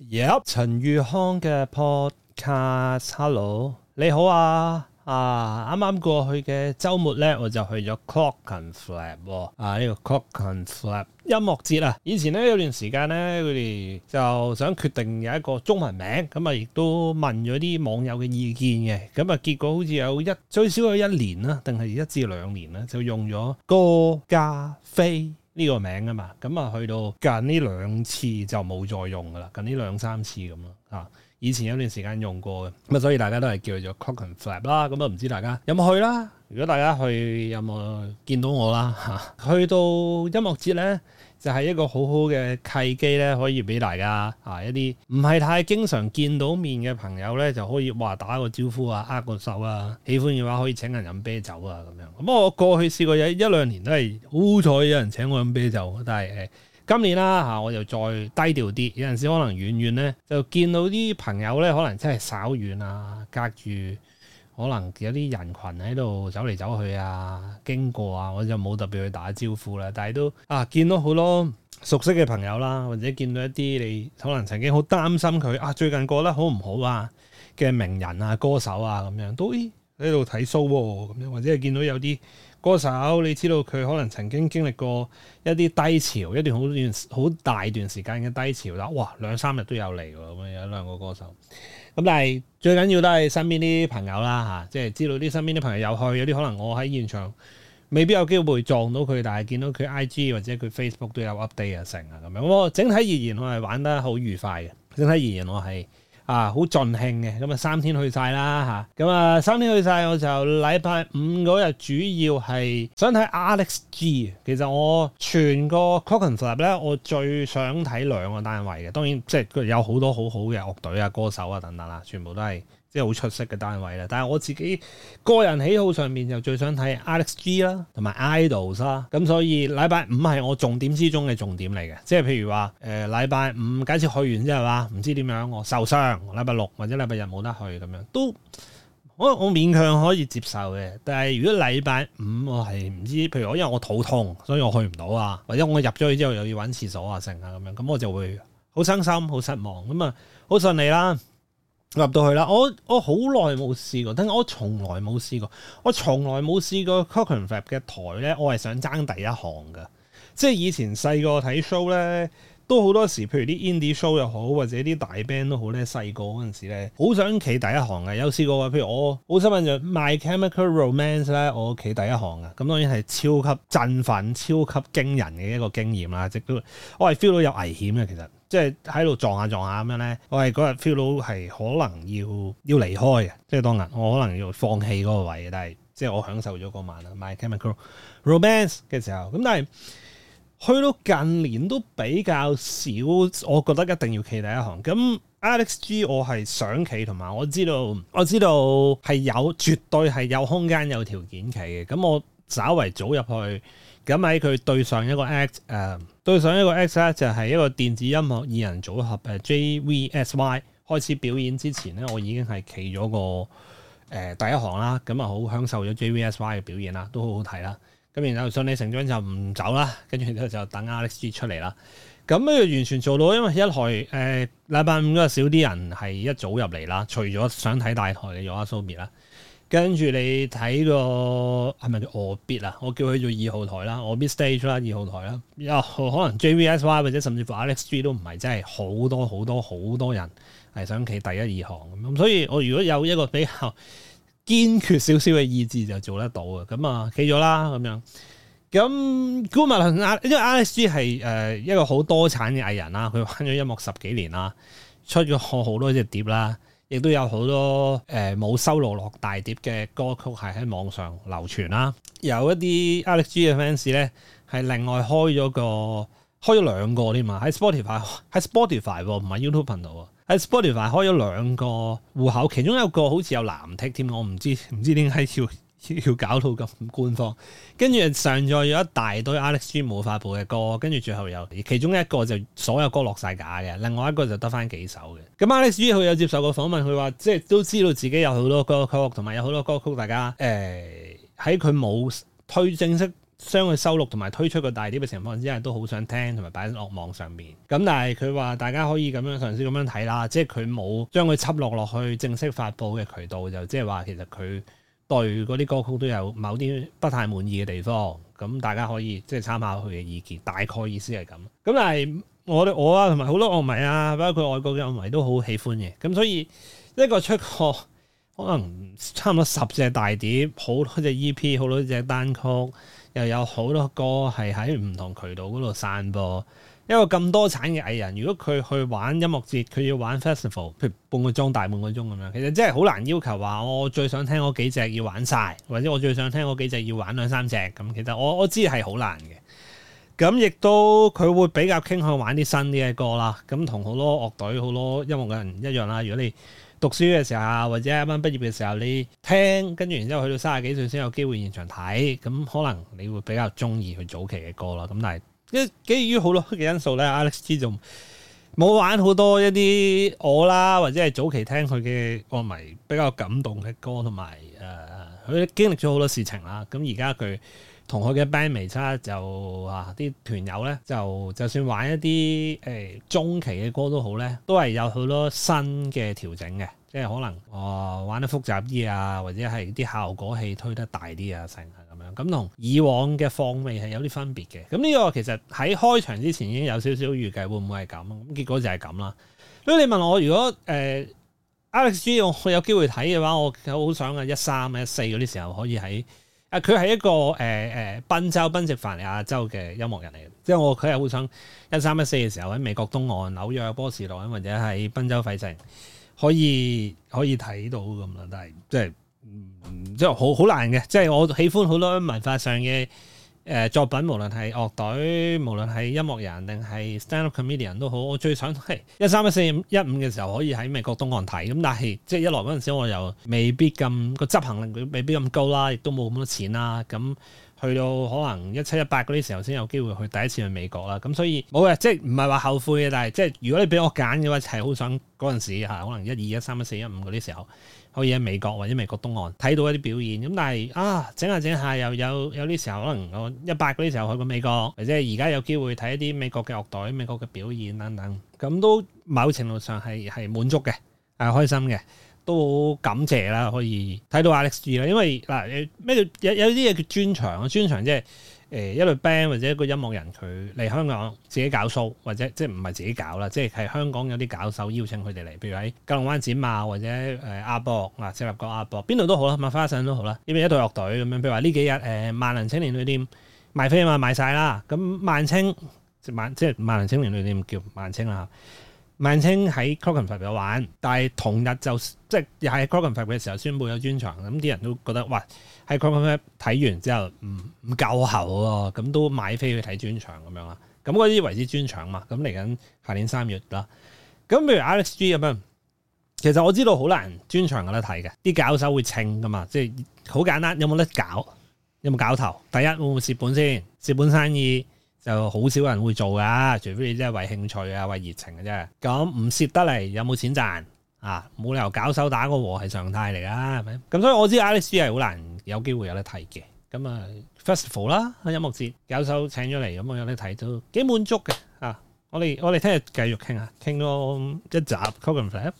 e 耶！陳宇、yep, 康嘅 podcast，Hello，你好啊！啊，啱啱過去嘅周末咧，我就去咗 Clockenflap、哦、啊，呢、呢個 Clockenflap 音樂節啊，以前咧有段時間咧，佢哋就想決定有一個中文名，咁啊亦都問咗啲網友嘅意見嘅，咁啊結果好似有一最少有一年啦，定係一至兩年啦，就用咗郭加飛。呢個名啊嘛，咁啊去到近呢兩次就冇再用噶啦，近呢兩三次咁咯，啊。以前有段時間用過嘅，咁啊所以大家都係叫做 Clockenflap 啦，咁啊唔知大家有冇去啦？如果大家去有冇見到我啦嚇？ 去到音樂節呢，就係一個好好嘅契機呢，可以俾大家啊一啲唔係太經常見到面嘅朋友呢，就可以話打個招呼啊，握個手啊，喜歡嘅話可以請人飲啤酒啊咁樣。不過我過去試過有一兩年都係好彩有人請我飲啤酒，但係誒。呃今年啦、啊、嚇，我就再低調啲，有陣時可能遠遠呢，就見到啲朋友呢，可能真係稍遠啊，隔住可能有啲人群喺度走嚟走去啊，經過啊，我就冇特別去打招呼啦。但係都啊，見到好多熟悉嘅朋友啦，或者見到一啲你可能曾經好擔心佢啊，最近過得好唔好啊嘅名人啊、歌手啊咁樣都。喺度睇 show 咁樣，或者係見到有啲歌手，你知道佢可能曾經經歷過一啲低潮，一段好段好大段時間嘅低潮啦。哇，兩三日都有嚟喎，咁樣有兩個歌手。咁但係最緊要都係身邊啲朋友啦吓，即係知道啲身邊啲朋友有去，有啲可能我喺現場未必有機會撞到佢，但係見到佢 IG 或者佢 Facebook 都有 update 啊成啊咁樣。我整體而言我係玩得好愉快嘅，整體而言我係。啊，好盡興嘅，咁、嗯、啊三天去晒啦嚇，咁啊三天去晒，我就禮拜五嗰日主要係想睇 Alex G，其實我全個 Clockenflap 咧，我最想睇兩個單位嘅。當然即係佢有好多好好嘅樂隊啊、歌手啊等等啦，全部都係。即係好出色嘅單位啦，但係我自己個人喜好上面就最想睇 Alex G 啦，同埋 Idols 啦，咁所以禮拜五係我重點之中嘅重點嚟嘅。即係譬如話誒禮拜五，假設去完之後話，唔知點樣我受傷，禮拜六或者禮拜日冇得去咁樣，都我我勉強可以接受嘅。但係如果禮拜五我係唔知，譬如我因為我肚痛，所以我去唔到啊，或者我入咗去之後又要揾廁所啊成啊咁樣，咁我就會好傷心，好失望咁啊，好順利啦。入到去啦！我我好耐冇試過，但係我從來冇試過，我從來冇試過 Clockenflap 嘅台咧，我係想爭第一行嘅。即係以前細個睇 show 咧，都好多時，譬如啲 indie show 又好，或者啲大 band 都好咧。細個嗰陣時咧，好想企第一行嘅。有試過啊？譬如我好想問就 My Chemical Romance 咧，我企第一行啊！咁當然係超級震撼、超級驚人嘅一個經驗啦，即都我係 feel 到有危險嘅其實。即係喺度撞下撞下咁樣咧，我係嗰日 feel 到係可能要要離開嘅，即係當日我可能要放棄嗰個位，但係即係我享受咗嗰晚 My Chemical Romance 嘅時候。咁但係去到近年都比較少，我覺得一定要企第一行。咁 Alex G 我係想企，同埋我知道我知道係有絕對係有空間有條件企嘅。咁我稍為早入去。咁喺佢對上一個 act，誒對上一個 act 咧，呃，act 就係一個電子音樂二人組合誒 JVSY 開始表演之前咧，我已經係企咗個誒、呃、第一行啦，咁啊好享受咗 JVSY 嘅表演啦，都好好睇啦。咁然後順理成章就唔走啦，跟住咧就等 Alex、G、出嚟啦。咁啊完全做到，因為一台誒禮拜五嗰日少啲人係一早入嚟啦，除咗想睇大台嘅 Yoasobi 啦。跟住你睇個係咪叫 Orbit 啊？我叫佢做二號台啦，Orbit Stage 啦，二號台啦。又可能 JVSY 或者甚至乎 Alex G 都唔係真係好多好多好多人係想企第一二行咁。所以我如果有一個比較堅決少少嘅意志就做得到嘅。咁啊，企咗啦咁樣。咁 Guru 因為 Alex G 係誒一個好多產嘅藝人啦，佢玩咗音樂十幾年啦，出咗好多隻碟啦。亦都有好多誒冇、呃、收錄落大碟嘅歌曲係喺網上流傳啦、啊，有一啲 Alex G 嘅 fans 咧係另外開咗個開咗兩個添嘛，喺 Spotify 喺 Spotify 唔係 YouTube 頻道喎，喺 Spotify 開咗兩個戶口，其中一個好似有藍剔添，我唔知唔知點解要。要搞到咁官方，跟住上載咗一大堆 Alex G 冇發佈嘅歌，跟住最後有其中一個就所有歌落晒架嘅，另外一個就得返幾首嘅。咁 Alex G 佢有接受過訪問，佢話即係都知道自己有好多歌曲，同埋有好多歌曲大家誒喺佢冇推正式將佢收錄同埋推出個大碟嘅情況之下，都好想聽同埋擺喺樂網上面。咁但係佢話大家可以咁樣嘗試咁樣睇啦，即係佢冇將佢輯落落去正式發布嘅渠道，就即係話其實佢。對嗰啲歌曲都有某啲不太滿意嘅地方，咁大家可以即係參考佢嘅意見，大概意思係咁。咁但係我哋我啊同埋好多樂迷啊，包括外國嘅樂迷都好喜歡嘅，咁所以一個出個可能差唔多十隻大碟，好多隻 EP，好多隻單曲，又有好多歌係喺唔同渠道嗰度散播。因為咁多產嘅藝人，如果佢去玩音樂節，佢要玩 festival，譬如半個鐘大半個鐘咁樣，其實真係好難要求話我最想聽嗰幾隻要玩晒，或者我最想聽嗰幾隻要玩兩三隻咁。其實我我知係好難嘅。咁亦都佢會比較傾向玩啲新啲嘅歌啦。咁同好多樂隊、好多音樂人一樣啦。如果你讀書嘅時候，或者啱啱畢業嘅時候，你聽，跟住然之後去到三十幾歲先有機會現場睇，咁可能你會比較中意佢早期嘅歌咯。咁但係。一基於好多嘅因素咧，Alex G 就冇玩好多一啲我啦，或者係早期聽佢嘅歌迷比較感動嘅歌，同埋誒佢經歷咗好多事情啦。咁而家佢同佢嘅 band 未差就啊啲團友咧，就就算玩一啲誒、呃、中期嘅歌都好咧，都係有好多新嘅調整嘅，即係可能哦、呃、玩得複雜啲啊，或者係啲效果器推得大啲啊成。等等咁同以往嘅放味係有啲分別嘅，咁呢個其實喺開場之前已經有少少預計會會，會唔會係咁？咁結果就係咁啦。所以你問我，如果誒、呃、Alex G 我有機會睇嘅話，我好想啊一三一四嗰啲時候可以喺啊，佢係一個誒誒、呃呃、賓州賓夕凡尼亞州嘅音樂人嚟嘅，即係我佢係好想一三一四嘅時候喺美國東岸紐約波士頓或者喺賓州費城可以可以睇到咁啦，但係即係。嗯，即係好好難嘅，即係我喜歡好多文化上嘅，誒、呃、作品，無論係樂隊，無論係音樂人定係 stand up comedian 都好，我最想一三一四一五嘅時候可以喺美國東岸睇，咁但係即係一來嗰陣時我又未必咁個執行力，佢未必咁高啦，亦都冇咁多錢啦，咁、嗯。去到可能一七一八嗰啲時候先有機會去第一次去美國啦，咁所以冇嘅，即係唔係話後悔嘅，但係即係如果你俾我揀嘅話，就係好想嗰陣時可能一二一三一四一五嗰啲時候可以喺美國或者美國東岸睇到一啲表演，咁但係啊，整下整下又有有啲時候可能我一八嗰啲時候去過美國，或者而家有機會睇一啲美國嘅樂隊、美國嘅表演等等，咁都某程度上係係滿足嘅，係開心嘅。都好感謝啦，可以睇到 Alex G 啦，因為嗱，咩、啊、有有啲嘢叫專場啊？專場即係誒一類隊 band 或者一個音樂人佢嚟香港自己搞 show，或者即係唔係自己搞啦，即係係香港有啲搞手邀請佢哋嚟，譬如喺九龍灣展貿或者誒、呃、阿博，啊，即係入阿博，邊度都好啦，麥花臣都好啦，依邊一隊樂隊咁樣，譬如話呢幾日誒、呃、萬能青年旅店賣飛啊嘛，賣晒啦，咁萬青即萬即係萬能青年旅店叫萬青啦。萬青喺 Clockenflap 度玩，但係同日就即係又喺 Clockenflap 發表嘅時候宣佈有專場，咁啲人都覺得哇，喺 Clockenflap 睇完之後唔唔、嗯、夠喉喎、哦，咁都買飛去睇專場咁樣啊，咁嗰啲為之專場嘛，咁嚟緊下年三月啦，咁譬如 Alex G 咁樣，其實我知道好難專場有得睇嘅，啲搞手會稱噶嘛，即係好簡單，有冇得搞？有冇搞頭？第一會唔會蝕本先？蝕本生意？就好少人會做噶，除非你真係為興趣啊，為熱情嘅啫。咁唔蝕得嚟，有冇錢賺啊？冇理由搞手打個和係常態嚟㗎，係咪？咁所以我知 Alex 係好難有機會有得睇嘅。咁啊，Festival 啦，all，音樂節搞手請咗嚟，咁我有得睇都幾滿足嘅。啊，我哋我哋聽日繼續傾下，傾多一集。Copenhagen